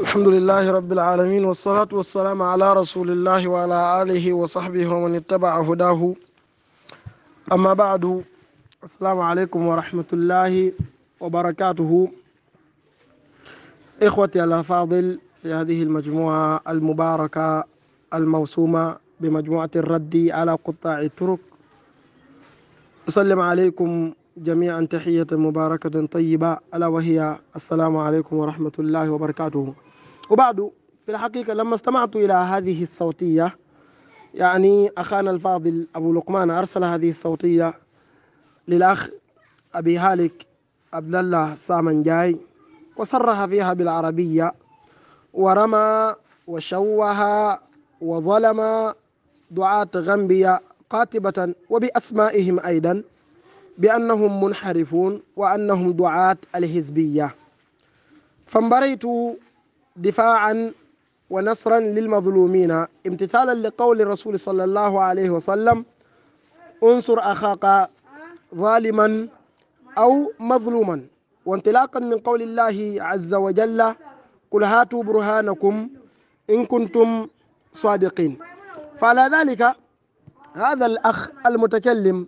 الحمد لله رب العالمين والصلاة والسلام على رسول الله وعلى آله وصحبه ومن اتبع هداه أما بعد السلام عليكم ورحمة الله وبركاته إخوتي الأفاضل في هذه المجموعة المباركة الموسومة بمجموعة الرد على قطاع الطرق أسلم عليكم جميعا تحية مباركة طيبة ألا وهي السلام عليكم ورحمة الله وبركاته وبعد في الحقيقة لما استمعت إلى هذه الصوتية يعني أخانا الفاضل أبو لقمان أرسل هذه الصوتية للأخ أبي هالك عبد الله جاي وصرح فيها بالعربية ورمى وشوه وظلم دعاة غمبيا قاتبة وبأسمائهم أيضا بأنهم منحرفون وأنهم دعاة الحزبية فانبريت دفاعا ونصرا للمظلومين امتثالا لقول الرسول صلى الله عليه وسلم انصر اخاك ظالما او مظلوما وانطلاقا من قول الله عز وجل قل هاتوا برهانكم ان كنتم صادقين فعلى ذلك هذا الاخ المتكلم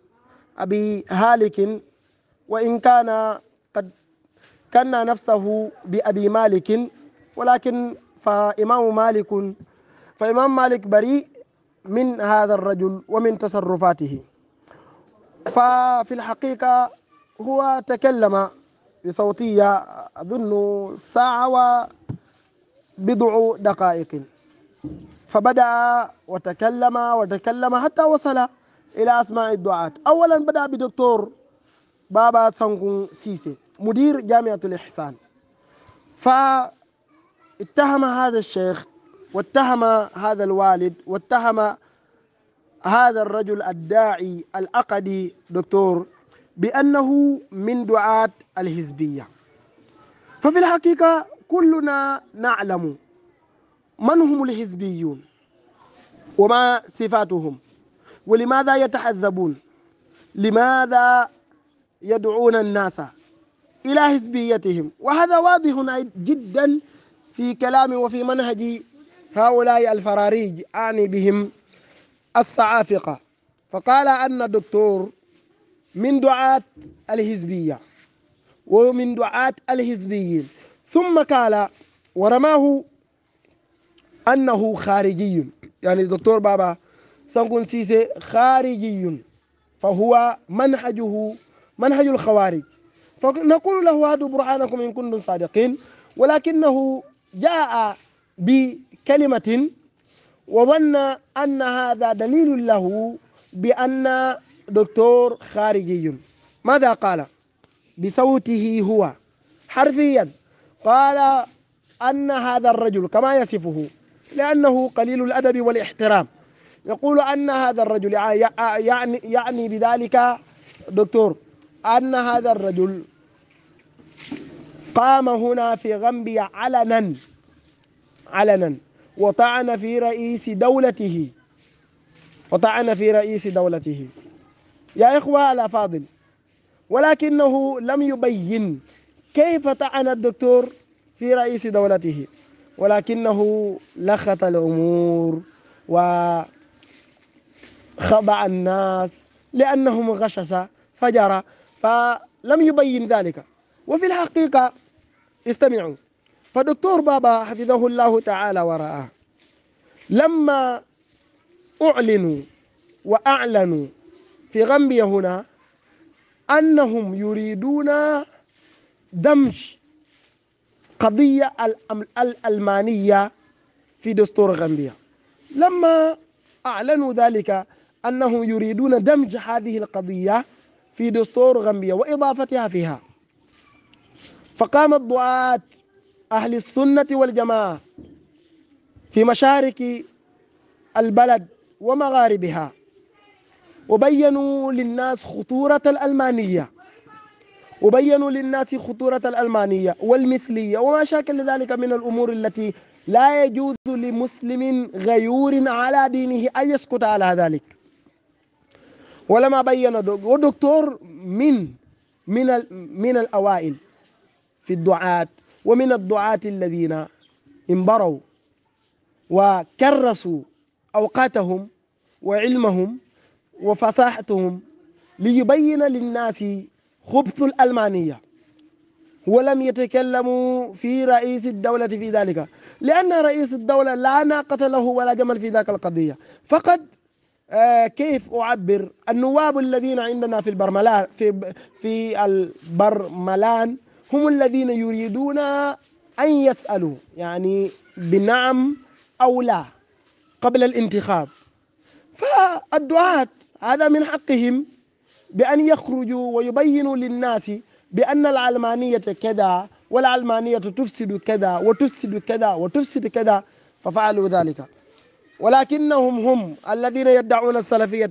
ابي هالك وان كان قد كنى نفسه بابي مالك ولكن فإمام مالك فإمام مالك بريء من هذا الرجل ومن تصرفاته ففي الحقيقة هو تكلم بصوتية أظن ساعة وبضع دقائق فبدأ وتكلم وتكلم حتى وصل إلى أسماء الدعاة أولا بدأ بدكتور بابا سانكون سيسي مدير جامعة الإحسان ف اتهم هذا الشيخ واتهم هذا الوالد واتهم هذا الرجل الداعي الأقدي دكتور بأنه من دعاة الحزبية ففي الحقيقة كلنا نعلم من هم الحزبيون وما صفاتهم ولماذا يتحذبون لماذا يدعون الناس إلى حزبيتهم وهذا واضح جدا في كلامي وفي منهج هؤلاء الفراريج أعني بهم الصعافقة فقال أن الدكتور من دعاة الحزبية ومن دعاة الحزبيين ثم قال ورماه أنه خارجي يعني دكتور بابا سانكون سيسي خارجي فهو منهجه منهج الخوارج فنقول له هذا برهانكم إن كنتم صادقين ولكنه جاء بكلمة وظن أن هذا دليل له بأن دكتور خارجي ماذا قال بصوته هو حرفيا قال أن هذا الرجل كما يصفه لأنه قليل الأدب والاحترام يقول أن هذا الرجل يعني يعني بذلك دكتور أن هذا الرجل قام هنا في غامبيا علنا علنا وطعن في رئيس دولته وطعن في رئيس دولته يا إخوة الأفاضل ولكنه لم يبين كيف طعن الدكتور في رئيس دولته ولكنه لخط الأمور وخضع الناس لأنهم غشش فجر فلم يبين ذلك وفي الحقيقة استمعوا فدكتور بابا حفظه الله تعالى ورآه لما أعلنوا وأعلنوا في غمبيا هنا أنهم يريدون دمج قضية الألمانية في دستور غمبيا لما أعلنوا ذلك أنهم يريدون دمج هذه القضية في دستور غمبيا وإضافتها فيها فقام الدعاة أهل السنة والجماعة في مشارق البلد ومغاربها وبينوا للناس خطورة الألمانية وبينوا للناس خطورة الألمانية والمثلية وما شاكل ذلك من الأمور التي لا يجوز لمسلم غيور على دينه أن يسكت على ذلك ولما بين دكتور من من من الأوائل في الدعاة ومن الدعاة الذين انبروا وكرسوا أوقاتهم وعلمهم وفصاحتهم ليبين للناس خبث الألمانية ولم يتكلموا في رئيس الدولة في ذلك لأن رئيس الدولة لا ناقة له ولا جمل في ذاك القضية فقد آه كيف أعبر النواب الذين عندنا في البرملان في في البرملان هم الذين يريدون أن يسألوا يعني بنعم أو لا قبل الانتخاب فالدعاة هذا من حقهم بأن يخرجوا ويبينوا للناس بأن العلمانية كذا والعلمانية تفسد كذا وتفسد كذا وتفسد كذا ففعلوا ذلك ولكنهم هم الذين يدعون السلفية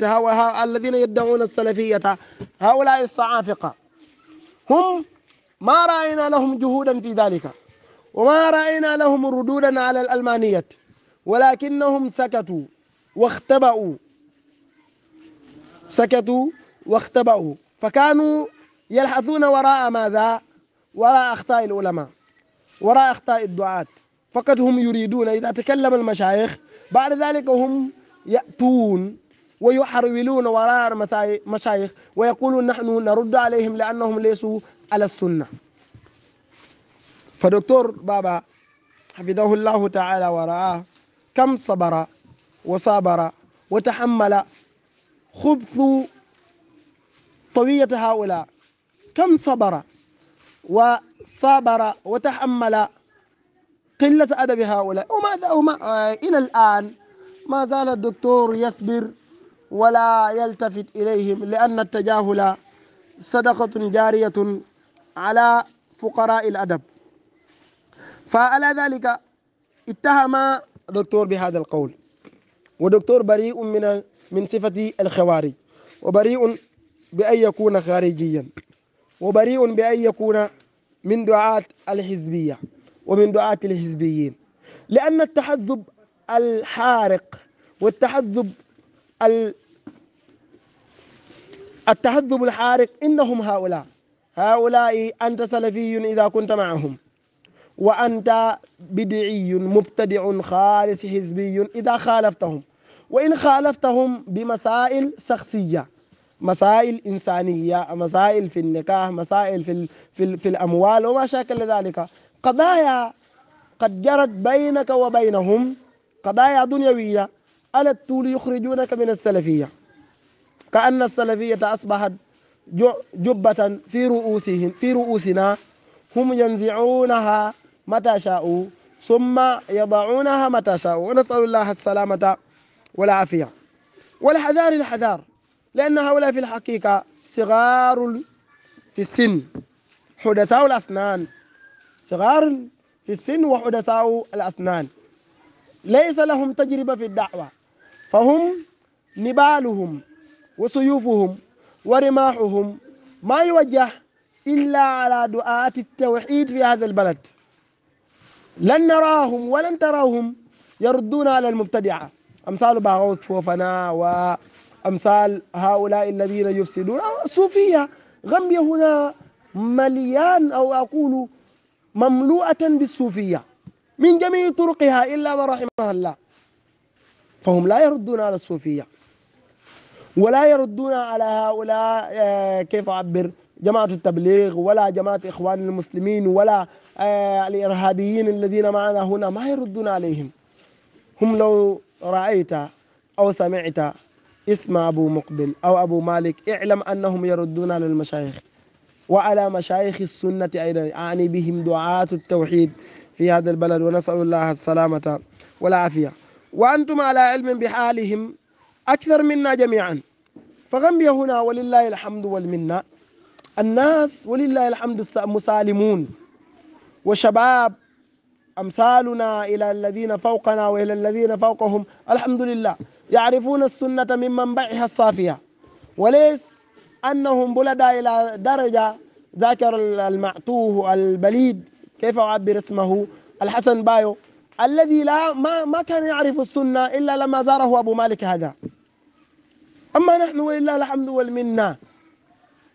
الذين يدعون السلفية هؤلاء الصعافقة هم ما رأينا لهم جهودا في ذلك وما رأينا لهم ردودا على الألمانية ولكنهم سكتوا واختبأوا سكتوا واختبأوا فكانوا يلحثون وراء ماذا؟ وراء أخطاء العلماء وراء أخطاء الدعاة فقط هم يريدون إذا تكلم المشايخ بعد ذلك هم يأتون ويحرولون وراء المشايخ ويقولون نحن نرد عليهم لأنهم ليسوا على السنة فدكتور بابا حفظه الله تعالى ورآه كم صبر وصابر وتحمل خبث طوية هؤلاء كم صبر وصابر وتحمل قلة أدب هؤلاء وماذا وما إلى الآن ما زال الدكتور يصبر ولا يلتفت إليهم لأن التجاهل صدقة جارية على فقراء الأدب فعلى ذلك اتهم دكتور بهذا القول ودكتور بريء من من صفة الخوارج وبريء بأن يكون خارجيا وبريء بأن يكون من دعاة الحزبية ومن دعاة الحزبيين لأن التحذب الحارق والتحذب ال... التحذب الحارق إنهم هؤلاء هؤلاء أنت سلفي إذا كنت معهم وأنت بدعي مبتدع خالص حزبي إذا خالفتهم وإن خالفتهم بمسائل شخصية مسائل إنسانية مسائل في النكاح مسائل في, في, في الأموال وما شاكل ذلك قضايا قد جرت بينك وبينهم قضايا دنيوية ألا تولي يخرجونك من السلفية كأن السلفية أصبحت جبة في رؤوسهم في رؤوسنا هم ينزعونها متى شاءوا ثم يضعونها متى شاءوا ونسأل الله السلامة والعافية والحذار الحذار لأن هؤلاء في الحقيقة صغار في السن حدثاء الأسنان صغار في السن وحدثاء الأسنان ليس لهم تجربة في الدعوة فهم نبالهم وسيوفهم ورماحهم ما يوجه إلا على دعاة التوحيد في هذا البلد لن نراهم ولن تراهم يردون على المبتدعة أمثال باغوث وفناء وأمثال هؤلاء الذين يفسدون صوفية غمبيا هنا مليان أو أقول مملوءة بالصوفية من جميع طرقها إلا ما رحمها الله فهم لا يردون على الصوفية ولا يردون على هؤلاء آه، كيف أعبر جماعة التبليغ ولا جماعة إخوان المسلمين ولا آه، الإرهابيين الذين معنا هنا ما يردون عليهم هم لو رأيت أو سمعت اسم أبو مقبل أو أبو مالك اعلم أنهم يردون على المشايخ وعلى مشايخ السنة أيضا أعني بهم دعاة التوحيد في هذا البلد ونسأل الله السلامة والعافية وأنتم على علم بحالهم أكثر منا جميعا فغمبيا هنا ولله الحمد والمنة الناس ولله الحمد مسالمون وشباب أمثالنا إلى الذين فوقنا وإلى الذين فوقهم الحمد لله يعرفون السنة من منبعها الصافية وليس أنهم بلدا إلى درجة ذاكر المعتوه البليد كيف أعبر اسمه الحسن بايو الذي لا ما ما كان يعرف السنة إلا لما زاره أبو مالك هذا أما نحن ولله الحمد والمنة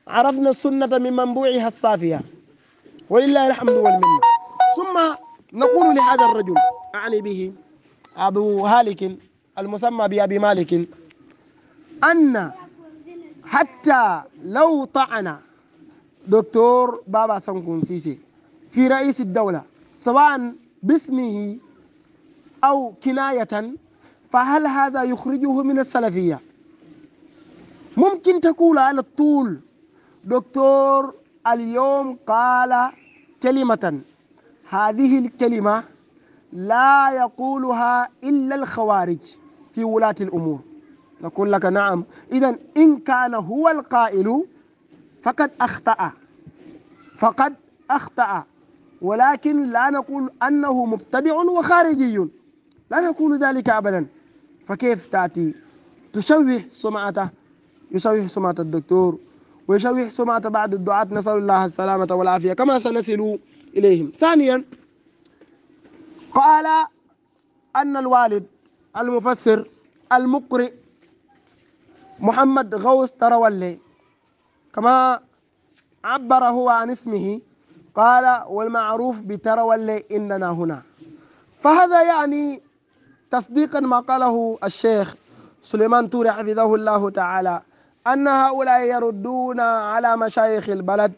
عرفنا السنة من منبوعها الصافية ولله الحمد والمنة ثم نقول لهذا الرجل أعني به أبو هالك المسمى بأبي مالك أن حتى لو طعن دكتور بابا سنكون سيسي في رئيس الدولة سواء باسمه أو كناية فهل هذا يخرجه من السلفية ممكن تقول على الطول دكتور اليوم قال كلمة هذه الكلمة لا يقولها إلا الخوارج في ولاة الأمور نقول لك نعم إذا إن كان هو القائل فقد أخطأ فقد أخطأ ولكن لا نقول أنه مبتدع وخارجي لا يكون ذلك أبدا فكيف تأتي تشوه سمعته يشوه سمعة الدكتور ويشوه سمعة بعض الدعاة نسأل الله السلامة والعافية كما سنصل إليهم ثانيا قال أن الوالد المفسر المقرئ محمد غوث ترولي كما عبر هو عن اسمه قال والمعروف بترولي إننا هنا فهذا يعني تصديقا ما قاله الشيخ سليمان توري حفظه الله تعالى أن هؤلاء يردون على مشايخ البلد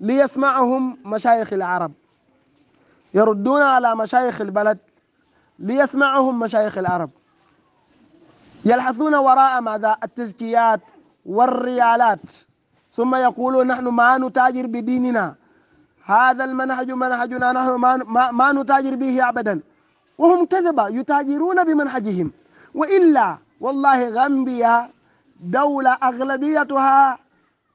ليسمعهم مشايخ العرب يردون على مشايخ البلد ليسمعهم مشايخ العرب يلحثون وراء ماذا التزكيات والريالات ثم يقولون نحن ما نتاجر بديننا هذا المنهج منهجنا نحن ما, ما, نتاجر به أبدا وهم كذبة يتاجرون بمنهجهم وإلا والله غامبيا دولة أغلبيتها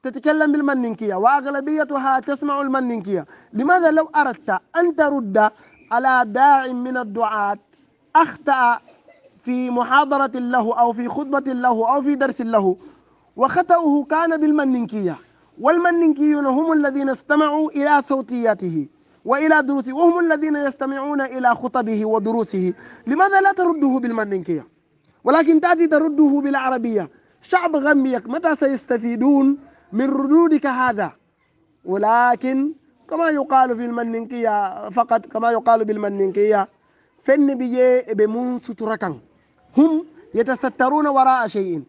تتكلم بالمننكية وأغلبيتها تسمع المننكية لماذا لو أردت أن ترد على داع من الدعاة أخطأ في محاضرة له أو في خطبة له أو في درس له وخطأه كان بالمننكية والمننكيون هم الذين استمعوا إلى صوتياته وإلى دروسه وهم الذين يستمعون إلى خطبه ودروسه لماذا لا ترده بالمنكية ولكن تأتي ترده بالعربية شعب غميك متى سيستفيدون من ردودك هذا ولكن كما يقال في المننكية فقط كما يقال بالمننكية فن بيجي بمون ستركن هم يتسترون وراء شيء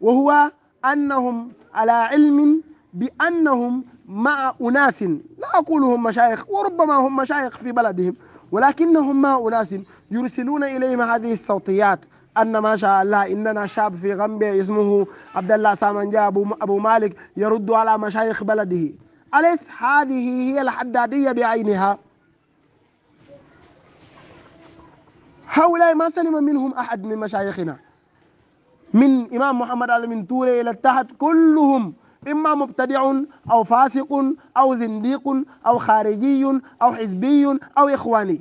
وهو أنهم على علم بأنهم مع أناس لا أقولهم مشايخ وربما هم مشايخ في بلدهم ولكنهم مع أناس يرسلون إليهم هذه الصوتيات أن ما شاء الله إننا شاب في غمبيا اسمه عبد الله سامنجا أبو, أبو مالك يرد على مشايخ بلده أليس هذه هي الحدادية بعينها هؤلاء ما سلم منهم أحد من مشايخنا من إمام محمد علي من توري إلى التحت كلهم إما مبتدع أو فاسق أو زنديق أو خارجي أو حزبي أو إخواني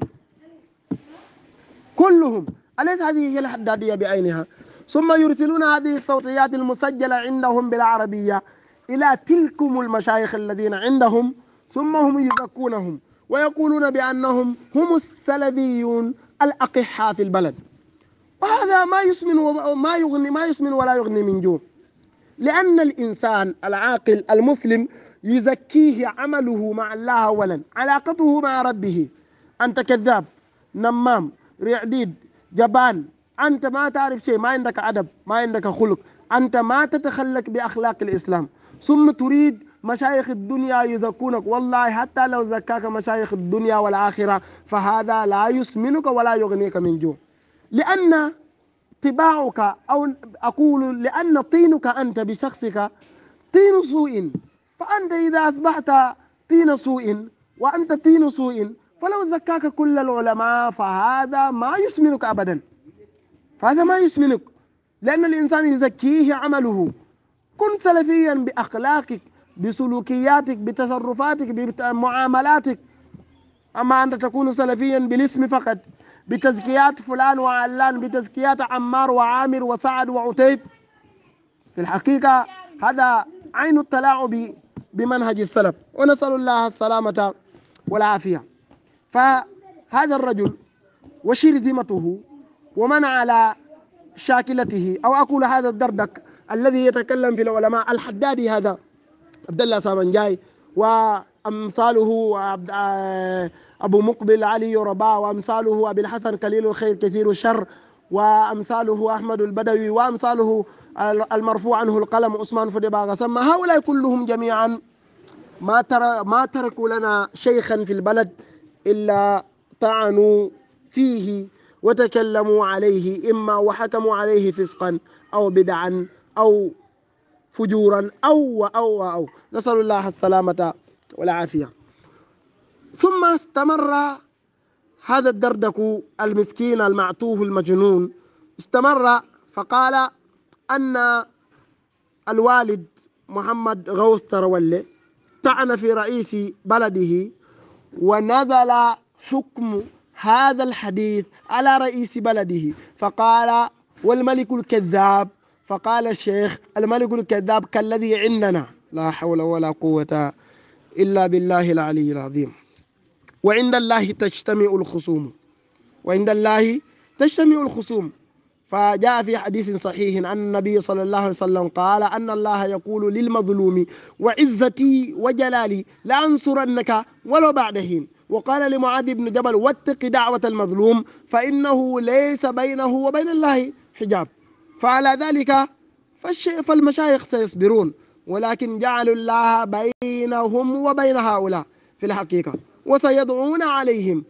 كلهم أليس هذه هي الحدادية بعينها ثم يرسلون هذه الصوتيات المسجلة عندهم بالعربية إلى تلكم المشايخ الذين عندهم ثم هم يزكونهم ويقولون بأنهم هم السلفيون الأقحة في البلد وهذا ما يسمن ما يغني ما يسمن ولا يغني من جوع لأن الإنسان العاقل المسلم يزكيه عمله مع الله أولا علاقته مع ربه أنت كذاب نمام رعديد جبان أنت ما تعرف شيء ما عندك أدب ما عندك خلق أنت ما تتخلق بأخلاق الإسلام ثم تريد مشايخ الدنيا يزكونك والله حتى لو زكاك مشايخ الدنيا والآخرة فهذا لا يسمنك ولا يغنيك من جوع لأن طباعك أو أقول لأن طينك أنت بشخصك طين سوء فأنت إذا أصبحت طين سوء وأنت طين سوء فلو زكاك كل العلماء فهذا ما يسمنك أبدا فهذا ما يسمنك لأن الإنسان يزكيه عمله كن سلفيا بأخلاقك بسلوكياتك بتصرفاتك بمعاملاتك أما أنت تكون سلفيا بالاسم فقط بتزكيات فلان وعلان بتزكيات عمار وعامر وسعد وعتيب في الحقيقة هذا عين التلاعب بمنهج السلف ونسأل الله السلامة والعافية فهذا الرجل وشير ذمته ومن على شاكلته أو أقول هذا الدردك الذي يتكلم في العلماء الحدادي هذا عبد الله سامنجاي وأمثاله وعبد آه، أبو مقبل علي رباع وأمثاله أبي الحسن قليل الخير كثير الشر وأمثاله أحمد البدوي وأمثاله المرفوع عنه القلم عثمان فدبا غسما هؤلاء كلهم جميعا ما ترى ما تركوا لنا شيخا في البلد إلا طعنوا فيه وتكلموا عليه إما وحكموا عليه فسقا أو بدعا أو فجورا أو أو أو نسأل الله السلامة والعافية ثم استمر هذا الدردك المسكين المعتوه المجنون استمر فقال أن الوالد محمد غوث ترولي طعن في رئيس بلده ونزل حكم هذا الحديث على رئيس بلده فقال والملك الكذاب فقال الشيخ الملك الكذاب كالذي عندنا لا حول ولا قوة إلا بالله العلي العظيم وعند الله تجتمع الخصوم وعند الله تجتمع الخصوم فجاء في حديث صحيح أن النبي صلى الله عليه وسلم قال أن الله يقول للمظلوم وعزتي وجلالي لأنصرنك ولو بعد حين وقال لمعاذ بن جبل واتق دعوة المظلوم فإنه ليس بينه وبين الله حجاب فعلى ذلك فالمشايخ سيصبرون ولكن جعلوا الله بينهم وبين هؤلاء في الحقيقة وسيدعون عليهم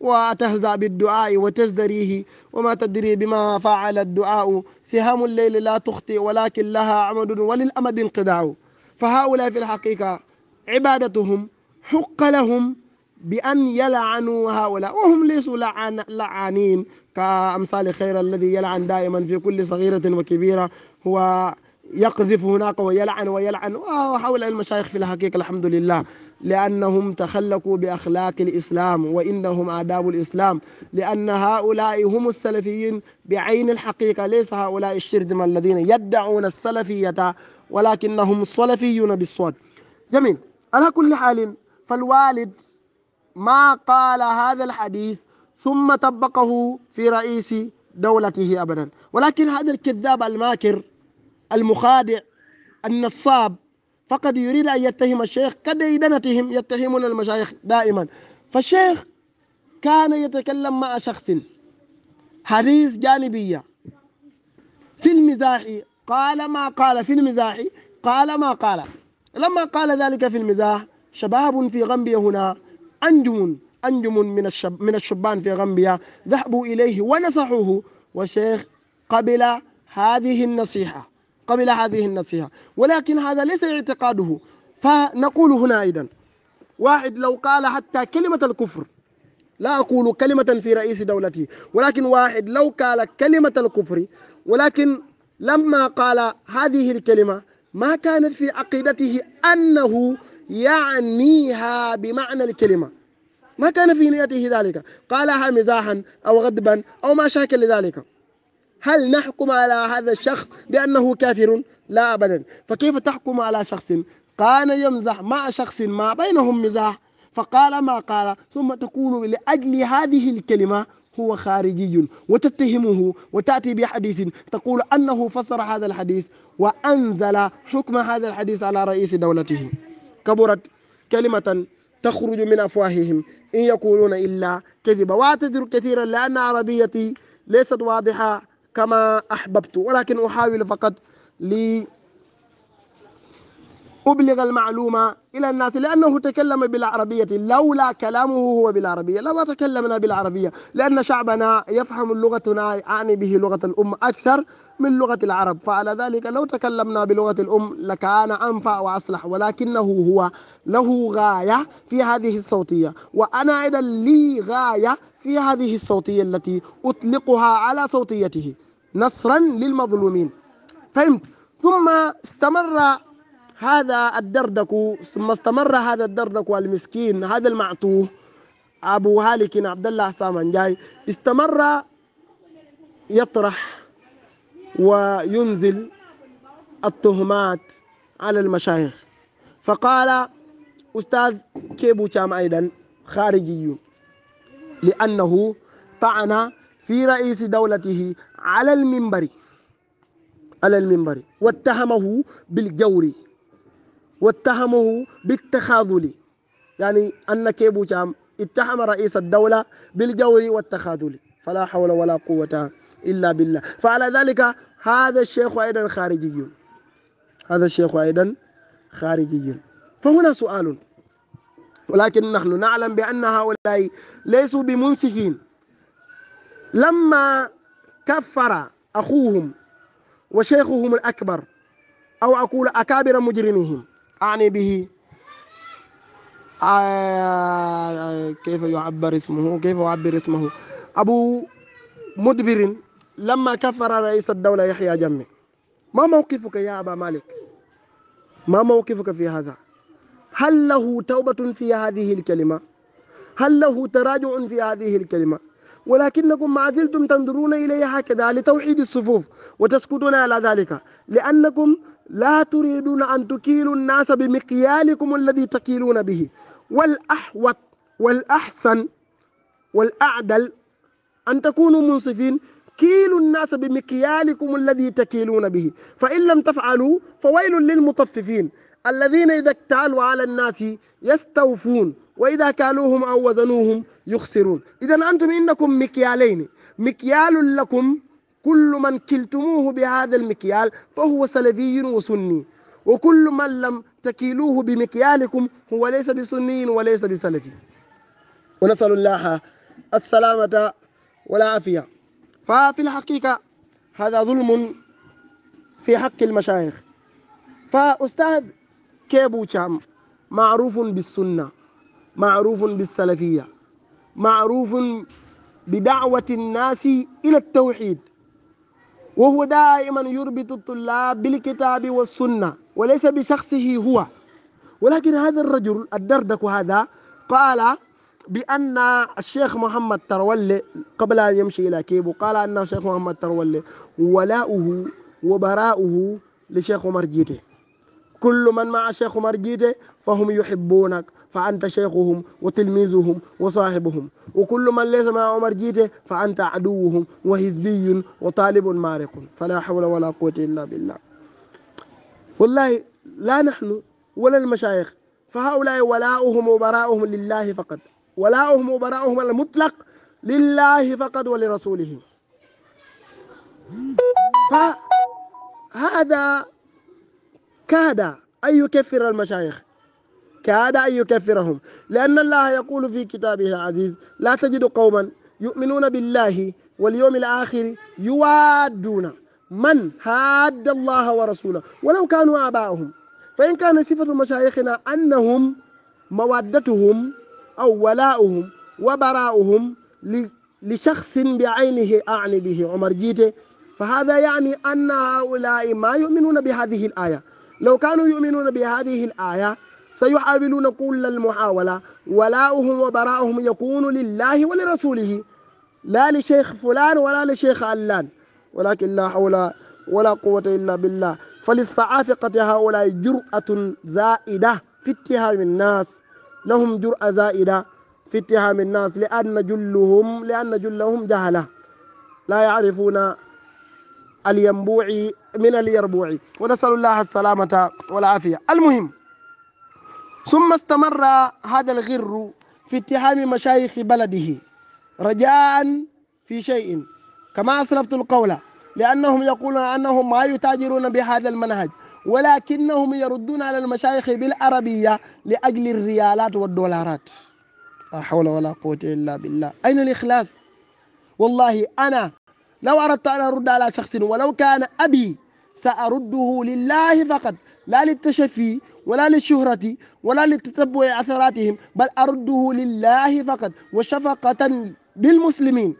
وتهزأ بالدعاء وتزدريه وما تدري بما فعل الدعاء سهام الليل لا تخطئ ولكن لها عمد وللأمد انقداع فهؤلاء في الحقيقة عبادتهم حق لهم بأن يلعنوا هؤلاء وهم ليسوا لعن لعانين كأمثال خير الذي يلعن دائما في كل صغيرة وكبيرة هو يقذف هناك ويلعن ويلعن آه، وحول المشايخ في الحقيقة الحمد لله لأنهم تخلقوا بأخلاق الإسلام وإنهم آداب الإسلام لأن هؤلاء هم السلفيين بعين الحقيقة ليس هؤلاء الشرذمة الذين يدعون السلفية ولكنهم صلفيون بالصوت جميل على كل حال فالوالد ما قال هذا الحديث ثم طبقه في رئيس دولته أبدا ولكن هذا الكذاب الماكر المخادع النصاب فقد يريد أن يتهم الشيخ كديدنتهم يتهمون المشايخ دائما فالشيخ كان يتكلم مع شخص حديث جانبية في المزاح قال ما قال في المزاح قال ما قال لما قال ذلك في المزاح شباب في غمبيا هنا أنجم أنجم من الشب من الشبان في غمبيا ذهبوا إليه ونصحوه والشيخ قبل هذه النصيحة قبل هذه النصيحة ولكن هذا ليس اعتقاده فنقول هنا أيضا واحد لو قال حتى كلمة الكفر لا أقول كلمة في رئيس دولته ولكن واحد لو قال كلمة الكفر ولكن لما قال هذه الكلمة ما كانت في عقيدته أنه يعنيها بمعنى الكلمة ما كان في نيته ذلك قالها مزاحا أو غضبا أو ما شاكل لذلك هل نحكم على هذا الشخص بأنه كافر؟ لا أبدا فكيف تحكم على شخص كان يمزح مع شخص ما بينهم مزاح فقال ما قال ثم تقول لأجل هذه الكلمة هو خارجي وتتهمه وتأتي بحديث تقول أنه فسر هذا الحديث وأنزل حكم هذا الحديث على رئيس دولته كبرت كلمة تخرج من أفواههم إن يقولون إلا كذبا وأعتذر كثيرا لأن عربيتي ليست واضحة كما أحببت ولكن أحاول فقط لي أبلغ المعلومة إلى الناس لأنه تكلم بالعربية لولا كلامه هو بالعربية لما تكلمنا بالعربية لأن شعبنا يفهم لغتنا يعني به لغة الأم أكثر من لغة العرب فعلى ذلك لو تكلمنا بلغة الأم لكان أنفع وأصلح ولكنه هو له غاية في هذه الصوتية وأنا أيضا لي غاية في هذه الصوتية التي أطلقها على صوتيته نصرا للمظلومين فهمت ثم استمر هذا الدردك ثم استمر هذا الدردك والمسكين هذا المعتوه أبو هالك عبد الله جاي استمر يطرح وينزل التهمات على المشايخ فقال أستاذ كيبو شام أيضا خارجي لأنه طعن في رئيس دولته على المنبر على المنبر واتهمه بالجوري واتهمه بالتخاذل يعني أن كيبو جام اتهم رئيس الدولة بالجور والتخاذل فلا حول ولا قوة إلا بالله فعلى ذلك هذا الشيخ أيضا خارجي هذا الشيخ أيضا خارجي فهنا سؤال ولكن نحن نعلم بأن هؤلاء ليسوا بمنصفين لما كفر أخوهم وشيخهم الأكبر أو أقول أكابر مجرمهم أعني به آه، كيف يعبر اسمه كيف يعبر اسمه أبو مدبر لما كفر رئيس الدولة يحيى جمي ما موقفك يا أبا مالك ما موقفك في هذا هل له توبة في هذه الكلمة هل له تراجع في هذه الكلمة ولكنكم ما زلتم تنظرون إليها هكذا لتوحيد الصفوف وتسكتون على ذلك لأنكم لا تريدون أن تكيلوا الناس بمقيالكم الذي تكيلون به والأحوط والأحسن والأعدل أن تكونوا منصفين كيلوا الناس بمقيالكم الذي تكيلون به فإن لم تفعلوا فويل للمطففين الذين إذا اكتالوا على الناس يستوفون وإذا كالوهم أو وزنوهم يخسرون إذا أنتم إنكم مكيالين مكيال لكم كل من كلتموه بهذا المكيال فهو سلفي وسني وكل من لم تكيلوه بمكيالكم هو ليس بسني وليس بسلفي ونسأل الله السلامة والعافية ففي الحقيقة هذا ظلم في حق المشايخ فأستاذ كيبو شام معروف بالسنة معروف بالسلفية معروف بدعوة الناس إلى التوحيد وهو دائما يربط الطلاب بالكتاب والسنة وليس بشخصه هو ولكن هذا الرجل الدردك هذا قال بأن الشيخ محمد ترولي قبل أن يمشي إلى كيبو قال أن الشيخ محمد ترولي ولاؤه وبراؤه لشيخ عمر جيته كل من مع شيخ عمر جيته فهم يحبونك فأنت شيخهم وتلميذهم وصاحبهم وكل من ليس مع عمر جيته فأنت عدوهم وحزبي وطالب مارق فلا حول ولا قوة إلا بالله والله لا نحن ولا المشايخ فهؤلاء ولاؤهم وبراؤهم لله فقط ولاؤهم وبراؤهم المطلق لله فقط ولرسوله فهذا كاد أن يكفر المشايخ كاد أن يكفرهم لأن الله يقول في كتابه العزيز لا تجد قوما يؤمنون بالله واليوم الآخر يوادون من هاد الله ورسوله ولو كانوا آباءهم فإن كان صفة مشايخنا أنهم مودتهم أو ولاؤهم وبراؤهم لشخص بعينه أعني به عمر جيته فهذا يعني أن هؤلاء ما يؤمنون بهذه الآية لو كانوا يؤمنون بهذه الآية سيحاولون كل المحاولة ولاؤهم وبراؤهم يكون لله ولرسوله لا لشيخ فلان ولا لشيخ علان ولكن لا حول ولا قوة إلا بالله فللصعافقة هؤلاء جرأة زائدة في اتهام الناس لهم جرأة زائدة في اتهام الناس لأن جلهم لأن جلهم جهلة لا يعرفون الينبوعي من اليربوعي ونسأل الله السلامة والعافية المهم ثم استمر هذا الغر في اتهام مشايخ بلده رجاء في شيء كما أسلفت القول لأنهم يقولون أنهم ما يتاجرون بهذا المنهج ولكنهم يردون على المشايخ بالعربية لأجل الريالات والدولارات لا حول ولا قوة إلا بالله أين الإخلاص والله أنا لو أردت أن أرد على شخص ولو كان أبي سأرده لله فقط لا للتشفي ولا للشهرة ولا لتتبع أثراتهم بل أرده لله فقط وشفقة بالمسلمين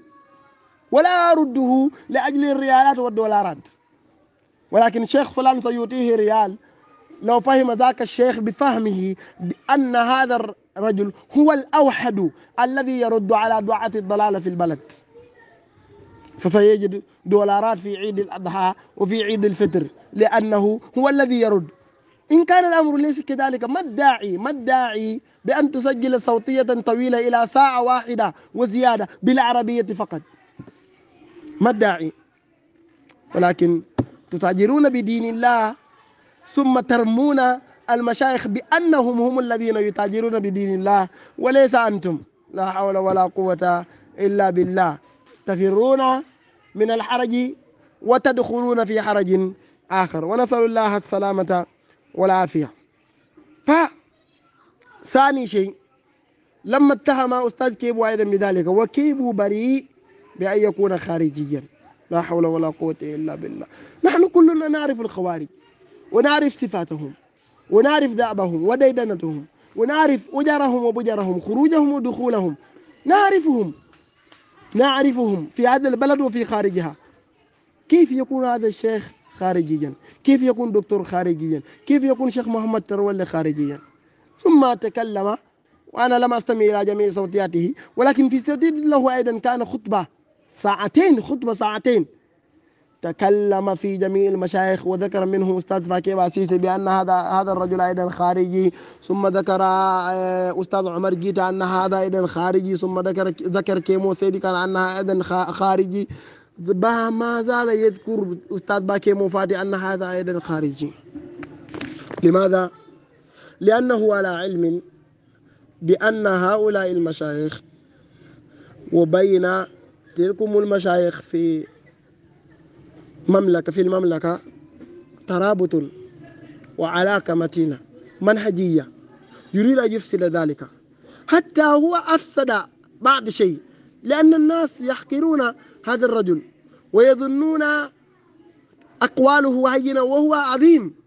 ولا أرده لأجل الريالات والدولارات ولكن الشيخ فلان سيعطيه ريال لو فهم ذاك الشيخ بفهمه بأن هذا الرجل هو الأوحد الذي يرد على دعاة الضلال في البلد فسيجد دولارات في عيد الأضحى وفي عيد الفطر لأنه هو الذي يرد إن كان الأمر ليس كذلك ما الداعي ما الداعي بأن تسجل صوتية طويلة إلى ساعة واحدة وزيادة بالعربية فقط ما الداعي ولكن تتاجرون بدين الله ثم ترمون المشايخ بأنهم هم الذين يتاجرون بدين الله وليس أنتم لا حول ولا قوة إلا بالله تفرون من الحرج وتدخلون في حرج آخر ونسأل الله السلامة والعافية ف ثاني شيء لما اتهم أستاذ كيبو أيضا بذلك وكيبو بريء بأن يكون خارجيا لا حول ولا قوة إلا بالله نحن كلنا نعرف الخوارج ونعرف صفاتهم ونعرف دأبهم وديدنتهم ونعرف أجرهم وبجرهم خروجهم ودخولهم نعرفهم نعرفهم في هذا البلد وفي خارجها كيف يكون هذا الشيخ خارجيا كيف يكون دكتور خارجيا كيف يكون شيخ محمد ترولي خارجيا ثم تكلم وأنا لم أستمع إلى جميع صوتياته ولكن في سديد له أيضا كان خطبة ساعتين خطبة ساعتين تكلم في جميع المشايخ وذكر منهم أستاذ فاكي باسيسي بأن هذا هذا الرجل أيضا خارجي ثم ذكر آه، أستاذ عمر جيتا أن هذا أيضا خارجي ثم ذكر ذكر كيمو سيدي كان أنها أيضا خارجي ما زال يذكر أستاذ باكي فادي أن هذا أيضا خارجي لماذا؟ لأنه على علم بأن هؤلاء المشايخ وبين تلكم المشايخ في مملكة في المملكة ترابط وعلاقة متينة منهجية يريد أن يفسد ذلك حتى هو أفسد بعض شيء لأن الناس يحقرون هذا الرجل ويظنون أقواله هينة وهو عظيم